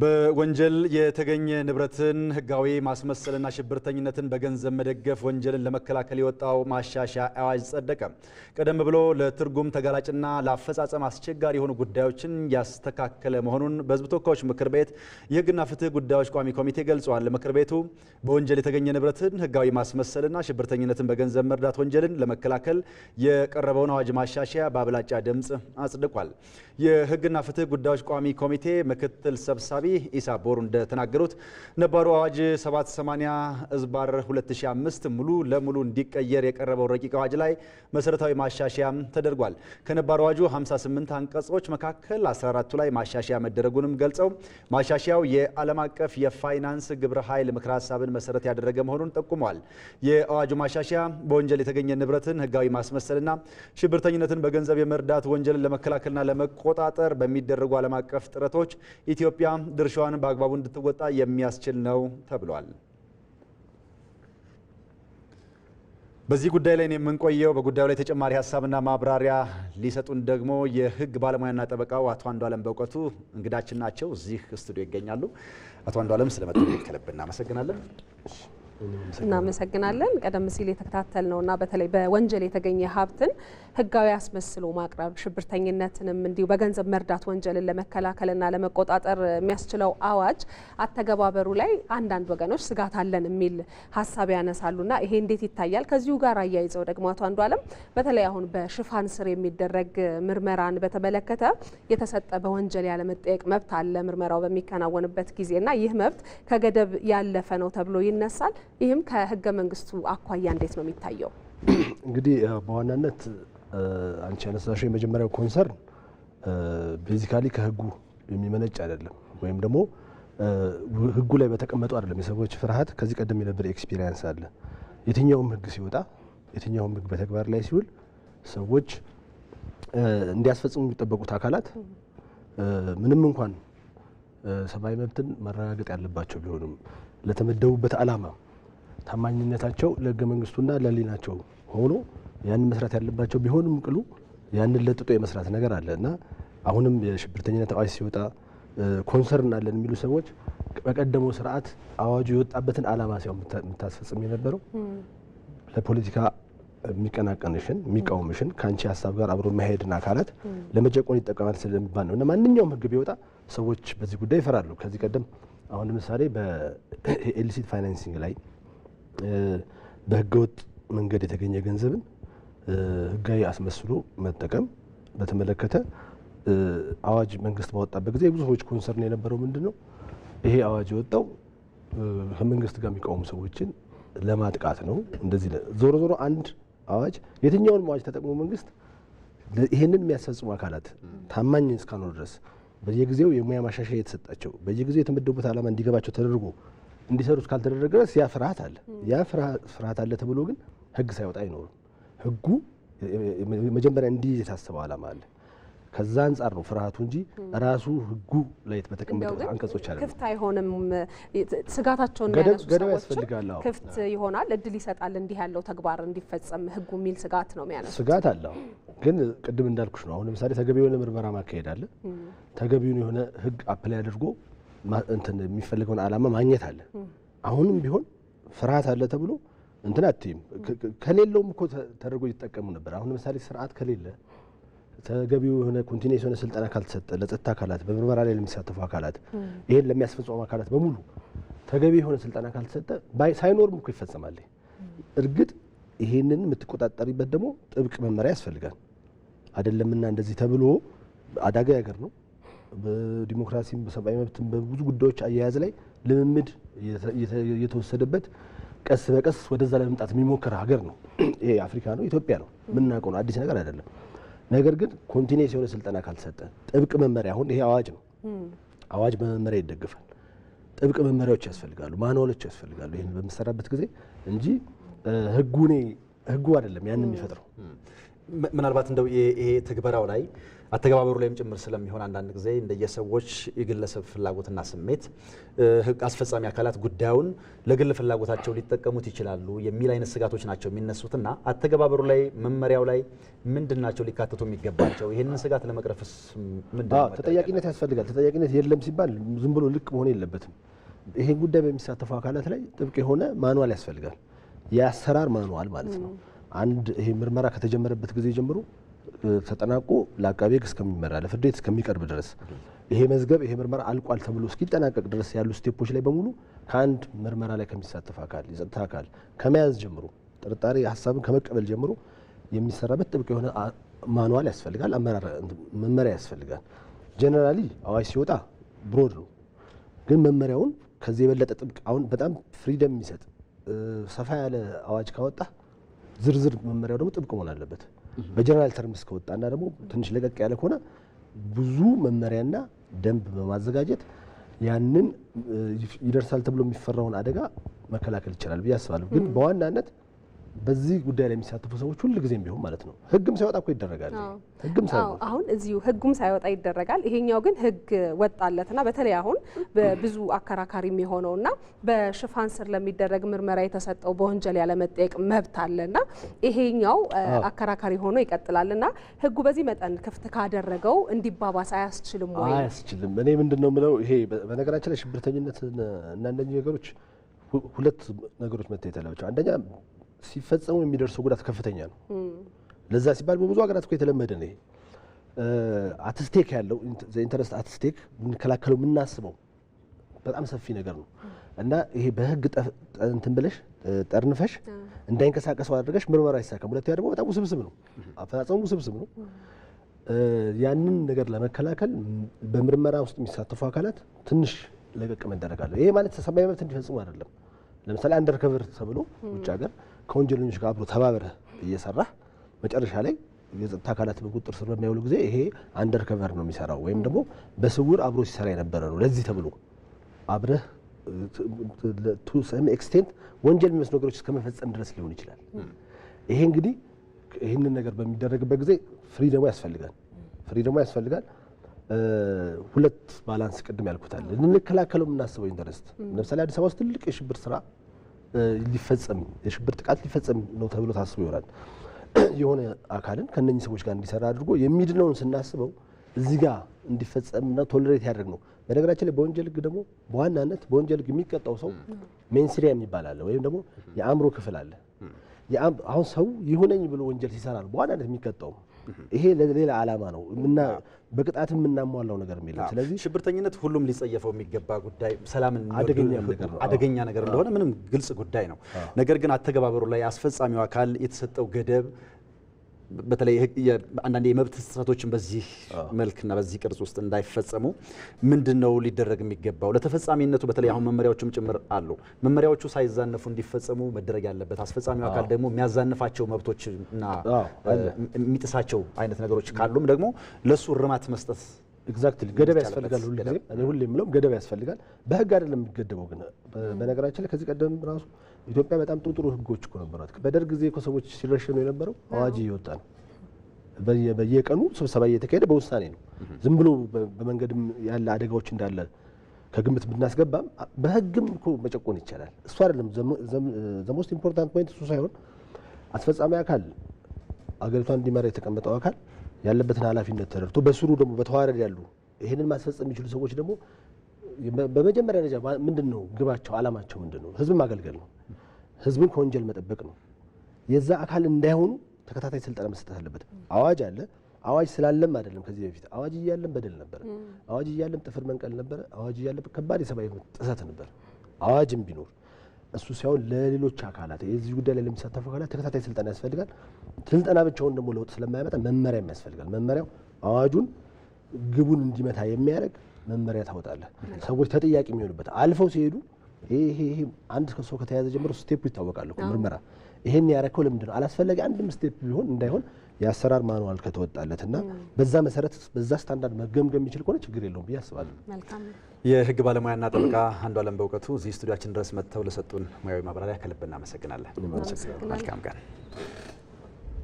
በወንጀል የተገኘ ንብረትን ህጋዊ ማስመሰልና ሽብርተኝነትን በገንዘብ መደገፍ ወንጀልን ለመከላከል የወጣው ማሻሻያ አዋጅ ጸደቀ። ቀደም ብሎ ለትርጉም ተጋላጭና ለአፈጻጸም አስቸጋሪ የሆኑ ጉዳዮችን ያስተካከለ መሆኑን በህዝብ ተወካዮች ምክር ቤት የህግና ፍትህ ጉዳዮች ቋሚ ኮሚቴ ገልጿል። ምክር ቤቱ በወንጀል የተገኘ ንብረትን ህጋዊ ማስመሰልና ሽብርተኝነትን በገንዘብ መርዳት ወንጀልን ለመከላከል የቀረበውን አዋጅ ማሻሻያ በአብላጫ ድምፅ አጽድቋል። የህግና ፍትህ ጉዳዮች ቋሚ ኮሚቴ ምክትል ሰብሳቢ ኢሳ ቦሩ እንደተናገሩት ነባሩ አዋጅ 780 እዝባር 2005 ሙሉ ለሙሉ እንዲቀየር የቀረበው ረቂቅ አዋጅ ላይ መሰረታዊ ማሻሻያም ተደርጓል። ከነባሩ አዋጁ 58 አንቀጾች መካከል 14ቱ ላይ ማሻሻያ መደረጉንም ገልጸው ማሻሻያው የዓለም አቀፍ የፋይናንስ ግብረ ኃይል ምክረ ሀሳብን መሰረት ያደረገ መሆኑን ጠቁመዋል። የአዋጁ ማሻሻያ በወንጀል የተገኘ ንብረትን ህጋዊ ማስመሰልና ሽብርተኝነትን በገንዘብ የመርዳት ወንጀልን ለመከላከልና ለመቆጣጠር በሚደረጉ ዓለም አቀፍ ጥረቶች ኢትዮጵያ ድርሻዋን በአግባቡ እንድትወጣ የሚያስችል ነው ተብሏል። በዚህ ጉዳይ ላይ የምንቆየው በጉዳዩ ላይ ተጨማሪ ሀሳብና ማብራሪያ ሊሰጡን ደግሞ የህግ ባለሙያና ጠበቃው አቶ አንዷለም በእውቀቱ እንግዳችን ናቸው። እዚህ ስቱዲዮ ይገኛሉ። አቶ አንዷለም ስለመጡ ከልብ እናመሰግናለን። እናመሰግናለን። ቀደም ሲል የተከታተል ነውና በተለይ በወንጀል የተገኘ ሀብትን ህጋዊ አስመስሎ ማቅረብ ሽብርተኝነትንም እንዲሁ በገንዘብ መርዳት ወንጀልን ለመከላከልና ለመቆጣጠር የሚያስችለው አዋጅ አተገባበሩ ላይ አንዳንድ ወገኖች ስጋት አለን የሚል ሀሳብ ያነሳሉና ይሄ እንዴት ይታያል? ከዚሁ ጋር አያይዘው ደግሞ አቶ አንዱ አለም በተለይ አሁን በሽፋን ስር የሚደረግ ምርመራን በተመለከተ የተሰጠ በወንጀል ያለመጠየቅ መብት አለ ምርመራው በሚከናወንበት ጊዜ እና ይህ መብት ከገደብ ያለፈ ነው ተብሎ ይነሳል። ይህም ከህገ መንግስቱ አኳያ እንዴት ነው የሚታየው? እንግዲህ በዋናነት አንቺ ያነሳሽው የመጀመሪያው ኮንሰርን ቤዚካሊ ከህጉ የሚመነጭ አይደለም ወይም ደግሞ ህጉ ላይ በተቀመጡ አይደለም። የሰዎች ፍርሃት ከዚህ ቀደም የነበር ኤክስፒሪየንስ አለ። የትኛውም ህግ ሲወጣ፣ የትኛውም ህግ በተግባር ላይ ሲውል ሰዎች እንዲያስፈጽሙ የሚጠበቁት አካላት ምንም እንኳን ሰብአዊ መብትን መረጋገጥ ያለባቸው ቢሆንም ለተመደቡበት አላማ ታማኝነታቸው ለህገ መንግስቱና ለሊናቸው ሆኖ ያንን መስራት ያለባቸው ቢሆንም ቅሉ ያንን ለጥጦ የመስራት ነገር አለ እና አሁንም የሽብርተኝነት አዋጅ ሲወጣ ኮንሰርን አለን የሚሉ ሰዎች በቀደመው ስርዓት አዋጁ የወጣበትን አላማ ሳይሆን የምታስፈጽም የነበረው ለፖለቲካ የሚቀናቀንሽን የሚቃወምሽን ከአንቺ ሀሳብ ጋር አብሮ መሄድን አካላት ለመጨቆን ይጠቀማል ስለሚባል ነው እና ማንኛውም ህግ ቢወጣ ሰዎች በዚህ ጉዳይ ይፈራሉ። ከዚህ ቀደም አሁን ለምሳሌ በኤልሲት ፋይናንሲንግ ላይ በህገወጥ መንገድ የተገኘ ገንዘብን ህጋዊ አስመስሎ መጠቀም በተመለከተ አዋጅ መንግስት ባወጣበት ጊዜ ብዙ ሰዎች ኮንሰርን የነበረው ምንድን ነው? ይሄ አዋጅ የወጣው ከመንግስት ጋር የሚቃወሙ ሰዎችን ለማጥቃት ነው። እንደዚህ ዞሮ ዞሮ አንድ አዋጅ የትኛውን አዋጅ ተጠቅሞ መንግስት ይህንን የሚያስፈጽሙ አካላት ታማኝ እስካኖር ድረስ በየጊዜው የሙያ ማሻሻያ የተሰጣቸው በየጊዜው የተመደቡበት ዓላማ እንዲገባቸው ተደርጎ እንዲሰሩ እስካልተደረገ ድረስ ያ ፍርሃት አለ። ያ ፍርሃት አለ ተብሎ ግን ህግ ሳይወጣ አይኖርም። ህጉ መጀመሪያ እንዲይዝ የታሰበው ዓላማ አለ። ከዛ አንጻር ነው ፍርሃቱ እንጂ ራሱ ህጉ ላይ በተቀመጠው አንቀጾች አለ ክፍት አይሆንም። ስጋታቸውን የሚያነሱ ሰዎች ክፍት ይሆናል፣ እድል ይሰጣል፣ እንዲህ ያለው ተግባር እንዲፈጸም ህጉ የሚል ስጋት ነው የሚያነሱ ስጋት አለው። ግን ቅድም እንዳልኩሽ ነው። አሁን ለምሳሌ ተገቢ የሆነ ምርመራ ማካሄድ አለ። ተገቢውን የሆነ ህግ አፕላይ አድርጎ የሚፈልገውን አላማ ማግኘት አለ። አሁንም ቢሆን ፍርሃት አለ ተብሎ እንትን አትይም። ከሌለውም እኮ ተደርጎ ይጠቀሙ ነበር። አሁን ለምሳሌ ስርዓት ከሌለ ተገቢው የሆነ ኮንቲኒስ የሆነ ስልጠና ካልተሰጠ ለጸጥታ አካላት፣ በምርመራ ላይ ለሚሳተፉ አካላት፣ ይሄን ለሚያስፈጽሙ አካላት በሙሉ ተገቢ የሆነ ስልጠና ካልተሰጠ ሳይኖርም እኮ ይፈጸማል። እርግጥ ይሄንን የምትቆጣጠሪበት ደግሞ ጥብቅ መመሪያ ያስፈልጋል። አይደለምና እንደዚህ ተብሎ አዳጋ ያገር ነው በዲሞክራሲም በሰብአዊ መብትም በብዙ ጉዳዮች አያያዝ ላይ ልምምድ የተወሰደበት ቀስ በቀስ ወደዛ ለመምጣት የሚሞከር ሀገር ነው። ይሄ አፍሪካ ነው፣ ኢትዮጵያ ነው፣ የምናውቀው ነው፣ አዲስ ነገር አይደለም። ነገር ግን ኮንቲኔስ የሆነ ስልጠና ካልተሰጠ ጥብቅ መመሪያ፣ አሁን ይሄ አዋጅ ነው። አዋጅ በመመሪያ ይደግፋል። ጥብቅ መመሪያዎች ያስፈልጋሉ፣ ማንዋሎች ያስፈልጋሉ፣ ይህን በምሰራበት ጊዜ እንጂ ህጉ አይደለም ያን የሚፈጥረው ምናልባት እንደው ይሄ ትግበራው ላይ አተገባበሩ ላይም ጭምር ስለሚሆን አንዳንድ ጊዜ እንደየሰዎች የግለሰብ ፍላጎትና ስሜት ህግ አስፈጻሚ አካላት ጉዳዩን ለግል ፍላጎታቸው ሊጠቀሙት ይችላሉ የሚል አይነት ስጋቶች ናቸው የሚነሱትና አተገባበሩ ላይ መመሪያው ላይ ምንድን ናቸው ሊካተቱ የሚገባቸው? ይህንን ስጋት ለመቅረፍስ ምንድን ተጠያቂነት ያስፈልጋል። ተጠያቂነት የለም ሲባል ዝም ብሎ ልቅ መሆን የለበትም። ይሄን ጉዳይ በሚሳተፉ አካላት ላይ ጥብቅ የሆነ ማንዋል ያስፈልጋል። የአሰራር ማንዋል ማለት ነው። አንድ ይሄ ምርመራ ከተጀመረበት ጊዜ ጀምሮ ተጠናቆ ለአቃቤ ሕግ እስከሚመራ ለፍርድ ቤት እስከሚቀርብ ድረስ ይሄ መዝገብ ይሄ ምርመራ አልቋል ተብሎ እስኪጠናቀቅ ድረስ ያሉ ስቴፖች ላይ በሙሉ ከአንድ ምርመራ ላይ ከሚሳተፍ አካል የጸጥታ አካል ከመያዝ ጀምሮ ጥርጣሬ ሀሳብን ከመቀበል ጀምሮ የሚሰራበት ጥብቅ የሆነ ማንዋል ያስፈልጋል፣ አመራር መመሪያ ያስፈልጋል። ጀነራሊ አዋጅ ሲወጣ ብሮድ ነው፣ ግን መመሪያውን ከዚህ የበለጠ ጥብቅ አሁን በጣም ፍሪደም የሚሰጥ ሰፋ ያለ አዋጅ ካወጣ ዝርዝር መመሪያው ደግሞ ጥብቅ መሆን አለበት። በጀነራል ተርምስ ከወጣና ደግሞ ትንሽ ለቀቅ ያለ ከሆነ ብዙ መመሪያና ደንብ በማዘጋጀት ያንን ይደርሳል ተብሎ የሚፈራውን አደጋ መከላከል ይቻላል ብዬ አስባለሁ። ግን በዋናነት በዚህ ጉዳይ ላይ የሚሳተፉ ሰዎች ሁል ጊዜም ቢሆን ማለት ነው ህግም ሳይወጣ እኮ ይደረጋል። ህግም ሳይወጣ አሁን እዚሁ ህጉም ሳይወጣ ይደረጋል። ይሄኛው ግን ህግ ወጣለትና በተለይ አሁን በብዙ አከራካሪ የሚሆነውና በሽፋን ስር ለሚደረግ ምርመራ የተሰጠው በወንጀል ያለመጠየቅ መብት አለና ይሄኛው አከራካሪ ሆኖ ይቀጥላልና ህጉ በዚህ መጠን ክፍት ካደረገው እንዲባባስ አያስችልም ወይ? አያስችልም። እኔ ምንድነው ምለው ይሄ በነገራችን ላይ ሽብርተኝነት እና አንዳንድ ነገሮች ሁለት ነገሮች መታየት አለባቸው። አንደኛ ሲፈጸሙ የሚደርሰው ጉዳት ከፍተኛ ነው። ለዛ ሲባል በብዙ ሀገራት እኮ የተለመደ ነው። አትስቴክ ያለው ኢንተረስት አትስቴክ የምንከላከለው የምናስበው በጣም ሰፊ ነገር ነው እና ይሄ በህግ እንትን ብለሽ ጠርንፈሽ እንዳይንቀሳቀሰው አድርገሽ ምርመራ አይሳካም። ሁለተኛ ደግሞ በጣም ውስብስብ ነው፣ አፈጻጸሙ ውስብስብ ነው። ያንን ነገር ለመከላከል በምርመራ ውስጥ የሚሳተፉ አካላት ትንሽ ለቀቅ መደረግ አለ። ይሄ ማለት ተሰማይ መብት እንዲፈጽሙ አይደለም። ለምሳሌ አንደር ተብሎ ውጭ ሀገር ከወንጀለኞች ጋር አብሮ ተባብረህ እየሰራ መጨረሻ ላይ የጸጥታ አካላትን ቁጥር ስር በሚያውሉ ጊዜ ይሄ አንደር ከቨር ነው የሚሰራው ወይም ደግሞ በስውር አብሮ ሲሰራ የነበረ ነው። ለዚህ ተብሎ አብረህ ቱ ሰም ኤክስቴንት ወንጀል የሚመስሉ ነገሮች እስከመፈጸም ድረስ ሊሆን ይችላል። ይሄ እንግዲህ ይህንን ነገር በሚደረግበት ጊዜ ፍሪ ደግሞ ያስፈልጋል። ፍሪ ደግሞ ያስፈልጋል። ሁለት ባላንስ ቅድም ያልኩታል ልንከላከለው የምናስበው ኢንተረስት ለምሳሌ አዲስ አበባ ውስጥ ትልቅ የሽብር ስራ ሊፈጸም የሽብር ጥቃት ሊፈጸም ነው ተብሎ ታስቦ ይሆናል። የሆነ አካልን ከነኚህ ሰዎች ጋር እንዲሰራ አድርጎ የሚድነውን ስናስበው እዚህ ጋ እንዲፈጸምና ቶለሬት ያደርግ ነው። በነገራችን ላይ በወንጀል ህግ ደግሞ በዋናነት በወንጀል ህግ የሚቀጣው ሰው ሜንስሪያ የሚባል አለ፣ ወይም ደግሞ የአእምሮ ክፍል አለ። አሁን ሰው ይሁነኝ ብሎ ወንጀል ሲሰራል በዋናነት የሚቀጣው ይሄ ለሌላ ዓላማ ነው እና በቅጣት የምናሟላው ነገር የለም። ስለዚህ ሽብርተኝነት ሁሉም ሊጸየፈው የሚገባ ጉዳይ፣ ሰላምን አደገኛ ነገር እንደሆነ ምንም ግልጽ ጉዳይ ነው። ነገር ግን አተገባበሩ ላይ አስፈጻሚው አካል የተሰጠው ገደብ በተለይ አንዳንድ የመብት ጥሰቶችን በዚህ መልክና በዚህ ቅርጽ ውስጥ እንዳይፈጸሙ ምንድን ነው ሊደረግ የሚገባው? ለተፈጻሚነቱ በተለይ አሁን መመሪያዎችም ጭምር አሉ። መመሪያዎቹ ሳይዛነፉ እንዲፈጸሙ መደረግ ያለበት አስፈጻሚው አካል ደግሞ የሚያዛንፋቸው መብቶችና የሚጥሳቸው አይነት ነገሮች ካሉም ደግሞ ለእሱ እርማት መስጠት ኤግዛክትሊ ገደብ ያስፈልጋል። ሁሌ የምለውም ገደብ ያስፈልጋል። በህግ አይደለም የሚገደበው። ግን በነገራችን ላይ ከዚህ ቀደም ራሱ ኢትዮጵያ በጣም ጥሩ ጥሩ ህጎች እኮ ነበሯት። በደርግ ጊዜ እኮ ሰዎች ሲረሸኑ የነበረው አዋጅ እየወጣ ነው፣ በየቀኑ ስብሰባ እየተካሄደ በውሳኔ ነው። ዝም ብሎ በመንገድም ያለ አደጋዎች እንዳለ ከግምት ብናስገባም በህግም እኮ መጨቆን ይቻላል። እሱ አይደለም ዘሞስት ኢምፖርታንት ፖይንት እሱ ሳይሆን አስፈጻሚ አካል አገሪቷን እንዲመራ የተቀመጠው አካል ያለበትን ኃላፊነት ተረድቶ በስሩ ደግሞ በተዋረድ ያሉ ይህንን ማስፈጸም የሚችሉ ሰዎች ደግሞ በመጀመሪያ ደረጃ ምንድን ነው ግባቸው፣ አላማቸው ምንድን ነው? ህዝብን ማገልገል ነው። ህዝብን ከወንጀል መጠበቅ ነው። የዛ አካል እንዳይሆኑ ተከታታይ ስልጠና መሰጠት አለበት። አዋጅ አለ። አዋጅ ስላለም አይደለም። ከዚህ በፊት አዋጅ እያለም በደል ነበረ። አዋጅ እያለም ጥፍር መንቀል ነበረ። አዋጅ እያለም ከባድ የሰብአዊ ጥሰት ነበር። አዋጅም ቢኖር እሱ ሳይሆን ለሌሎች አካላት የዚህ ጉዳይ ላይ ለሚሳተፉ አካላት ተከታታይ ስልጠና ያስፈልጋል። ስልጠና ብቻውን ደግሞ ለውጥ ስለማያመጣ መመሪያ ያስፈልጋል። መመሪያው አዋጁን ግቡን እንዲመታ የሚያደርግ መመሪያ ታወጣለህ። ሰዎች ተጠያቂ የሚሆኑበት አልፈው ሲሄዱ ይሄ አንድ ሰው ከተያዘ ጀምሮ ስቴፕ ይታወቃል እኮ ምርመራ። ይሄን ያረከው ለምንድን ነው? አላስፈለገ አንድም ስቴፕ ቢሆን እንዳይሆን የአሰራር ማንዋል ከተወጣለት እና በዛ መሰረት በዛ ስታንዳርድ መገምገም የሚችል ከሆነ ችግር የለውም ብዬ አስባለሁ። የህግ ባለሙያና ጠበቃ አንዱ አለም በእውቀቱ እዚህ ስቱዲያችን ድረስ መጥተው ለሰጡን ሙያዊ ማብራሪያ ከልብ እናመሰግናለን። መልካም ቀን።